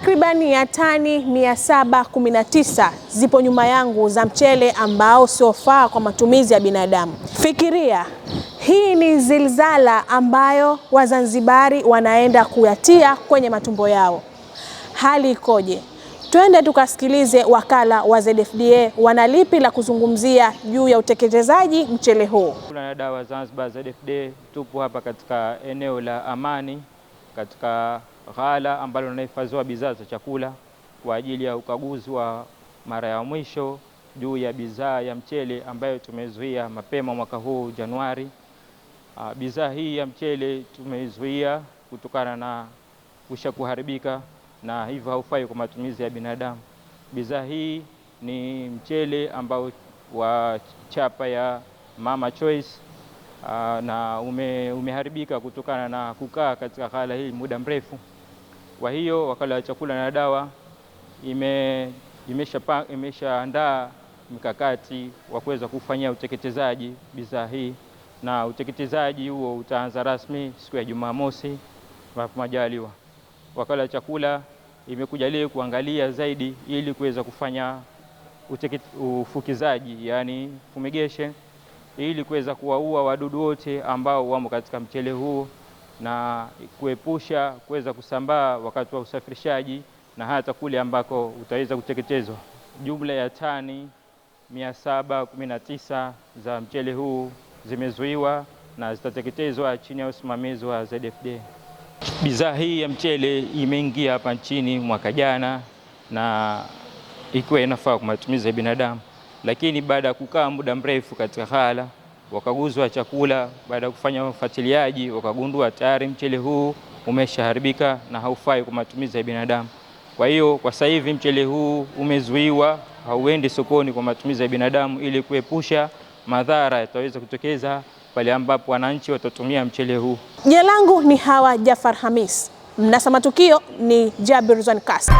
takribani ya tani 719 zipo nyuma yangu za mchele ambao siofaa kwa matumizi ya binadamu. Fikiria, hii ni zilzala ambayo Wazanzibari wanaenda kuyatia kwenye matumbo yao. Hali ikoje? Twende tukasikilize wakala wa ZFDA wanalipi la kuzungumzia juu ya uteketezaji mchele huu. Kuna dawa Zanzibar ZFDA, tupo hapa katika eneo la Amani katika ghala ambalo linahifadhiwa bidhaa za chakula kwa ajili ya ukaguzi wa mara ya mwisho juu ya bidhaa ya mchele ambayo tumezuia mapema mwaka huu Januari. Ah, bidhaa hii ya mchele tumeizuia kutokana na kusha kuharibika na hivyo haufai kwa matumizi ya binadamu. Bidhaa hii ni mchele ambao wa chapa ya Mama Choice ah, na umeharibika kutokana na kukaa katika ghala hii muda mrefu. Kwa hiyo wakala wa chakula na dawa imeshaandaa imesha mkakati wa kuweza kufanyia uteketezaji bidhaa hii, na uteketezaji huo utaanza rasmi siku ya Jumamosi majaliwa. Wakala wa chakula imekuja leo kuangalia zaidi ili kuweza kufanya ufukizaji, yani fumigation, ili kuweza kuwaua wadudu wote ambao wamo katika mchele huo na kuepusha kuweza kusambaa wakati wa usafirishaji na hata kule ambako utaweza kuteketezwa. Jumla ya tani 719 za mchele huu zimezuiwa na zitateketezwa chini ya usimamizi wa ZFD. Bidhaa hii ya mchele imeingia hapa nchini mwaka jana na ikiwa inafaa kwa matumizi ya binadamu, lakini baada ya kukaa muda mrefu katika ghala wakaguzwa chakula. Baada ya kufanya ufuatiliaji, wakagundua tayari mchele huu umeshaharibika na haufai kwa matumizi ya binadamu. Kwa hiyo kwa sasa hivi mchele huu umezuiwa, hauendi sokoni kwa matumizi ya binadamu, ili kuepusha madhara yataweza kutokeza pale ambapo wananchi watatumia mchele huu. Jina langu ni Hawa Jafar Hamis, mnasa matukio ni Jabir Zankas.